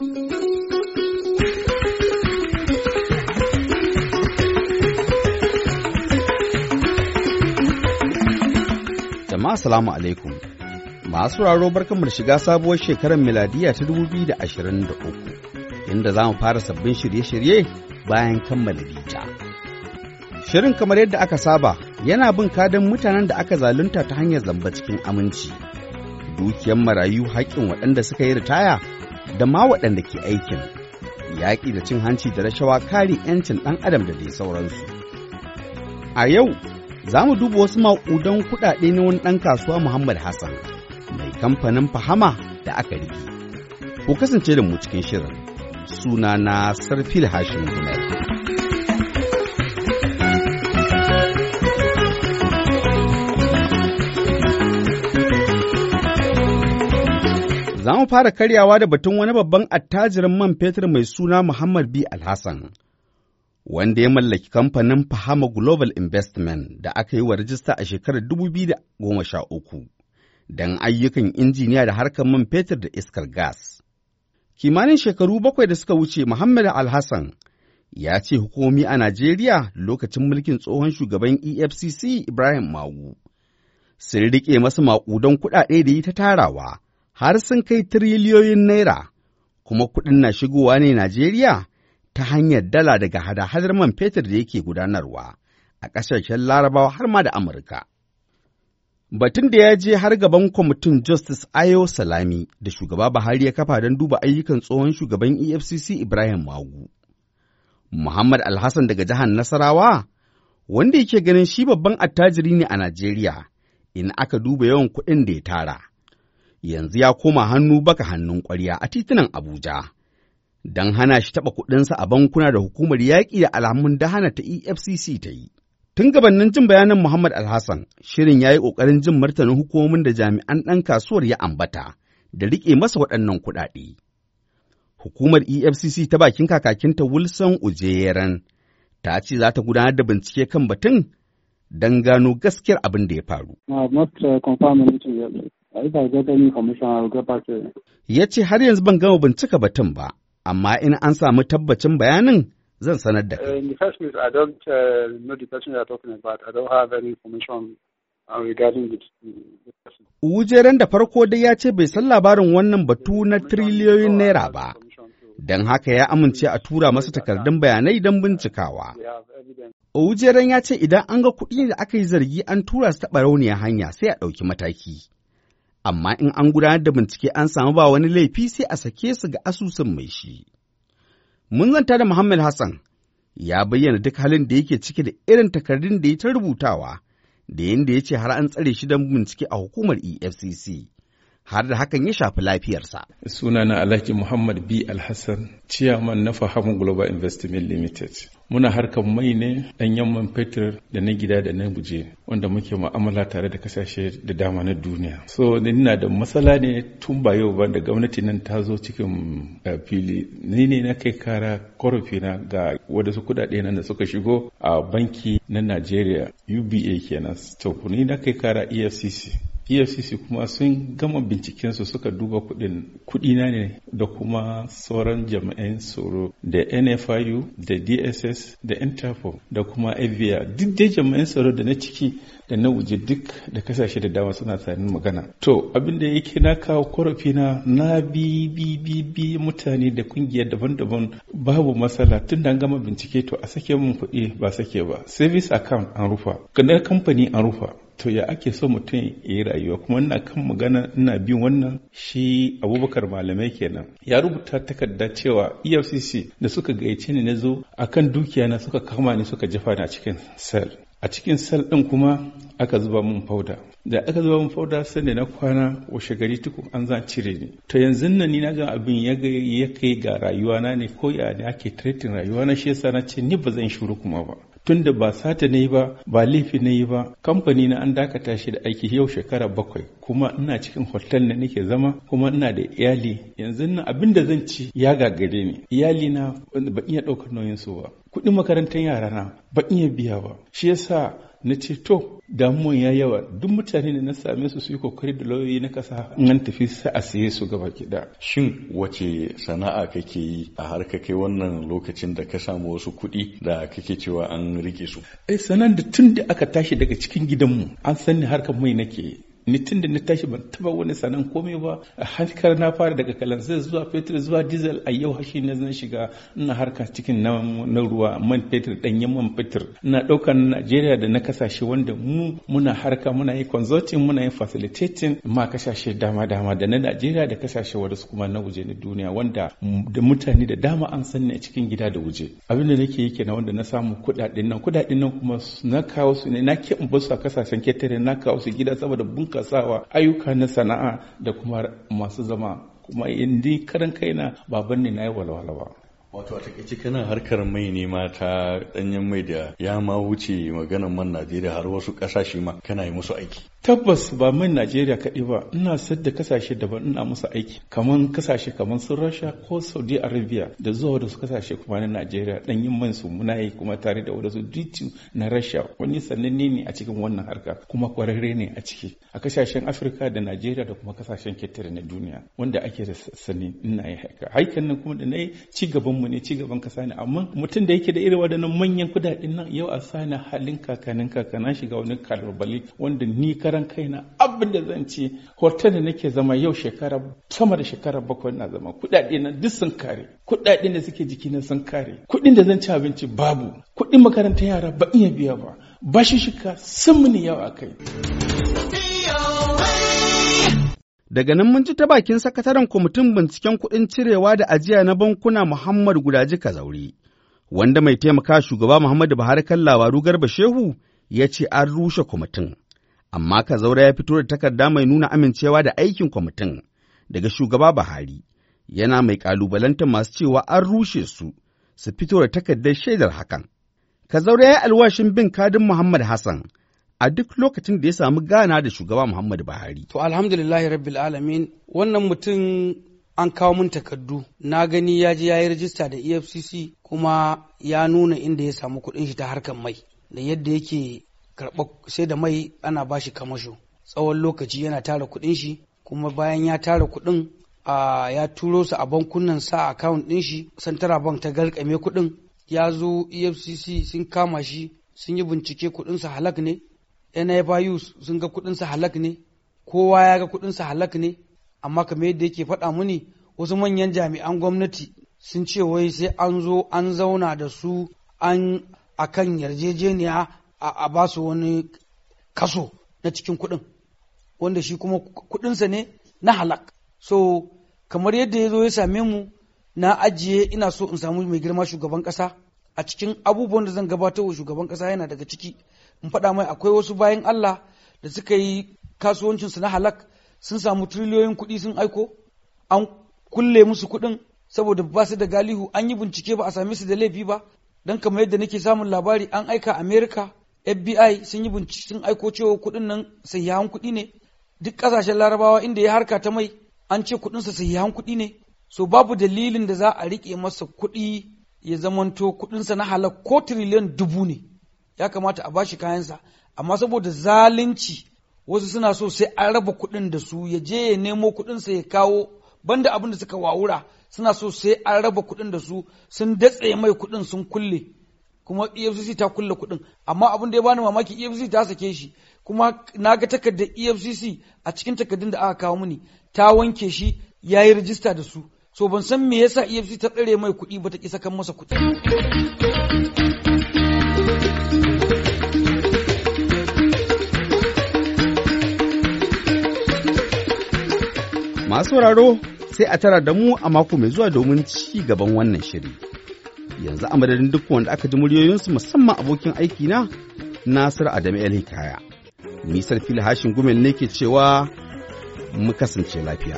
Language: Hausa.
Jama'a salamu alaikum. Masu raro barkanmu da shiga sabuwar shekarar miladiya ta da da uku, inda za mu fara sabbin shirye-shirye bayan kammala bita. Shirin kamar yadda aka saba yana bin kadan mutanen da aka zalunta ta hanyar zamba cikin aminci. Dukiyar marayu haƙƙin waɗanda suka yi ritaya da ma waɗanda ke aikin yaƙi da cin hanci da rashawa kare 'yancin ɗan adam da dai sauransu a yau za mu duba wasu maƙudan kuɗaɗe na wani ɗan kasuwa muhammad hassan mai kamfanin fahama da aka riki ku kasance da mu cikin shirin sunana sarfil hashim gumel Za mu fara karyawa da batun wani babban attajirin man fetur mai suna Muhammad B. Alhassan, wanda ya mallaki kamfanin Fahama Global Investment da aka yi wa rajista a shekarar 2013 don ayyukan injiniya da harkar man fetur da iskar gas. Kimanin shekaru bakwai da suka wuce Muhammad Alhassan ya ce hukumomi a Najeriya lokacin mulkin tsohon shugaban EFCC Ibrahim Magu sun riƙe masa maƙudan kuɗaɗe da yi ta tarawa. har sun kai tiriliyoyin naira, kuma kuɗin na shigowa ne Najeriya ta hanyar dala daga hada-hadar man fetur da yake gudanarwa a ƙasashen Larabawa har ma da Amurka. Batun da ya je har gaban kwamitin Justice Ayo Salami da shugaba Buhari ya kafa don duba ayyukan tsohon shugaban EFCC Ibrahim Magu. Muhammad Alhassan daga jihar Nasarawa, wanda yake ganin shi babban attajiri ne a Najeriya, in aka duba yawan kuɗin da ya tara. yanzu ya koma hannu baka hannun ƙwarya a titunan Abuja. Don hana shi taɓa kuɗinsa a bankuna da hukumar yaƙi da alamun da hana ta EFCC ta yi. Tun gabanin jin bayanan Muhammad Alhassan, shirin ya yi ƙoƙarin jin martanin hukumomin da jami'an ɗan kasuwar ya ambata da riƙe masa waɗannan kuɗaɗe. Hukumar EFCC ta bakin kakakinta Wilson Ujeran ta ce za ta gudanar da bincike kan batun don gano gaskiyar abin da ya faru. Ya ce har yanzu ban gama bincika batun ba, amma in an samu tabbacin bayanin zan sanar da kai. Uh, uh, uh, Wujeren da farko dai ya ce bai san labarin wannan batu na triliyoyin naira ba, don haka ya amince a tura masa takardun bayanai don bincikawa. Wujeren ya ce idan an ga kuɗi da aka yi zargi an tura su ta ɓarauniyar hanya sai a ɗauki mataki. amma in an gudanar da bincike an samu ba wani laifi sai a sake su ga asusun mai shi. Mun zanta da Muhammad Hassan ya bayyana duk halin da yake ciki da irin takardun da ya ta rubutawa da yadda ya ce har an tsare shi don bincike a hukumar EFCC. har da hakan ya shafi lafiyarsa. Sunana Alhaji Muhammad B. Alhassan, ciyaman na Fahamun Global Investment Limited. Muna harkar mai ne ɗan yamman fetur da na gida da na guje wanda muke mu'amala tare da kasashe da dama na duniya. So, nina da matsala ne tun ba yau ba da gwamnati nan ta zo cikin eh, fili. Ni ne na kai kara korafina ga wadansu kuɗaɗe nan da suka shigo a banki na Najeriya UBA kenan. To, ni na kai kara EFCC. efcc kuma sun gama bincikensu suka duba kudin kudina ne da kuma sauran jami'an tsoro da nfiu da dss da interpol da kuma fbi duk dai jami'an tsoro da na ciki da na waje duk da kasashe da dama suna tsarin magana to abin da yake na kawo korafi na na bi bi bi bi mutane da kungiyar daban-daban babu matsala tun da gama bincike to a sake mun kuɗi ba sake ba service account an rufa kanar kamfani an rufa to ya ake so mutum ya yi rayuwa kuma ina kan magana ina bin wannan shi abubakar malamai kenan ya rubuta takarda cewa efcc da suka gayyace ni na zo akan dukiya na suka kama ni suka jefa ni a cikin sel a cikin sal ɗin kuma aka zuba min fauda da aka zuba mun fauda sai na kwana washe gari tuku an za cire ni to yanzu nan ni na ga abin ya kai ga rayuwana ne ko ya ne ake rayuwa rayuwana shi yasa na ce ni ba zan shuru kuma ba tunda ba sata na yi ba ba laifi na yi ba kamfani na an dakata shi da aiki yau shekara bakwai kuma ina cikin hotel na nake zama kuma ina da iyali yanzu nan abin da zan ci ya gagare ni iyali na ba iya ɗaukar nauyin su ba kuɗin makarantar yara na ba iya biya ba shi yasa na ce to damuwan ya yawa duk mutane da na same su su yi kokari da lauyoyi na kasa in an tafi sa a siye su gaba kida shin wace sana'a kake yi a harka kai wannan lokacin da ka samu wasu kuɗi da kake cewa an rike su eh sanan da tun da aka tashi daga cikin gidanmu an san ni harkar mai nake Ni tun da na tashi ban taba wani sanan komai ba harkar na fara daga kalansai zuwa fetur zuwa diesel a yau hashi na zan shiga ina harka cikin na ruwa man fetur danyen man fetur ina ɗaukar najeriya da na kasashe wanda mu muna harka muna yi consulting muna yi facilitating ma kasashe dama dama da na najeriya da kasashe wadda su kuma na waje na duniya wanda da mutane da dama an san ni a cikin gida da waje abin da nake yi kenan wanda na samu kuɗaɗen nan kuɗaɗen nan kuma na kawo su ne na ke in basu a kasashen ketare na kawo su gida saboda bun bunkasawa ayyuka na sana'a da kuma masu zama kuma indi karan kaina baban ne na yi walwala ba wato a takaice kana harkar mai ne ma ta danyen mai da ya ma wuce maganan man najeriya har wasu kasashe ma kana yi musu aiki tabbas ba mai najeriya kaɗai ba ina da kasashe daban ina musu aiki kamar kasashe kamar su rasha ko saudi arabia da zuwa wadansu kasashe kuma na najeriya dan yin man su muna yi kuma tare da wadansu dutu na rasha wani sananne ne a cikin wannan harka kuma kwararre ne a ciki a kasashen afirka da najeriya da kuma kasashen ketare na duniya wanda ake da sani ina yi haka haikan nan kuma da na yi ci gaban mu ne ci gaban kasa ne amma mutum da yake da irin waɗannan manyan kuɗaɗen nan yau a sani halin kakanin kakana shiga wani kalubale wanda ni ka karan kaina abin da zan ce hotel da nake zama yau shekara sama da shekara bakwai na zama kuɗaɗe na duk sun kare kuɗaɗe da suke jiki na sun kare kuɗin da zan ci abinci babu kuɗin makarantar yara ba iya biya ba bashi shika sun mini yawa kai. Daga nan mun ji ta bakin sakataren kwamitin binciken kuɗin cirewa da ajiya na bankuna Muhammad Gudaji Kazauri, wanda mai taimaka shugaba Muhammadu Buhari kan labaru Garba Shehu ya ce an rushe kwamitin. amma Kazaura ya fito da takarda mai nuna amincewa da aikin kwamitin daga shugaba Buhari, yana mai kalubalantar masu cewa an rushe su su fito da takardar shaidar hakan. Kazaura ya yi alwashin bin kadin Muhammad Hassan a duk lokacin da ya samu gana da shugaba Muhammad Buhari. To alhamdulillahi rabbil alamin wannan mutum an kawo min takardu na gani ya je ya yi rajista da EFCC kuma ya nuna inda ya samu kuɗin shi ta harkar mai da yadda yake karɓar sai da mai ana ba shi kamasho tsawon lokaci yana tara kuɗin shi kuma bayan ya tara kuɗin a ya turo su a bankunan sa account ɗin shi santara bank ta garkame kuɗin ya zo efcc sun kama shi sun yi bincike kuɗin sa halak ne nifu sun ga sa halak ne kowa ya ga kuɗinsa halak ne amma kamar yadda yake faɗa muni wasu manyan jami'an gwamnati sun ce wai sai an zo an zauna da su an akan yarjejeniya a ba su wani kaso na cikin kuɗin wanda shi kuma kuɗinsa ne na halak so kamar yadda ya zo ya same mu na ajiye ina so in samu mai girma shugaban ƙasa a cikin abubuwan da zan gabatar wa shugaban ƙasa yana daga ciki in faɗa mai akwai wasu bayan Allah da suka yi kasuwancinsu na halak sun samu triliyoyin kuɗi sun aiko an kulle musu kuɗin saboda ba su da galihu an yi bincike ba a same su da laifi ba don kamar yadda nake samun labari an aika amerika FBI sun yi bincike sun aiko cewa kuɗin nan sahihan kuɗi ne duk ƙasashen larabawa inda ya harka ta mai an ce kuɗin kuɗinsa sahihan kuɗi ne so babu dalilin da za a riƙe masa kuɗi ya zamanto kuɗinsa na halak ko tiriliyan dubu ne ya kamata a bashi kayansa amma saboda zalunci wasu suna so sai an raba kuɗin da su ya je ya nemo kuɗinsa ya kawo banda abin da suka wawura suna so sai an raba kuɗin da su sun datse mai kuɗin sun kulle kuma efcc ta kulle kuɗin amma abin da ya bani mamaki efcc ta sake shi kuma na ga takardar efcc a cikin takardun da aka kawo mini ta wanke shi ya yi rijista da su so ban san me yasa efcc ta tsare mai kuɗi ba ta isa kan masa kuɗi masu sauraro sai a tara da mu a mako mai zuwa domin ci gaban wannan shiri. yanzu a madadin duk wanda aka ji muryoyinsu musamman abokin aiki na nasir adamu el hikaya nisar fili hashin gumel ne ke cewa mu kasance lafiya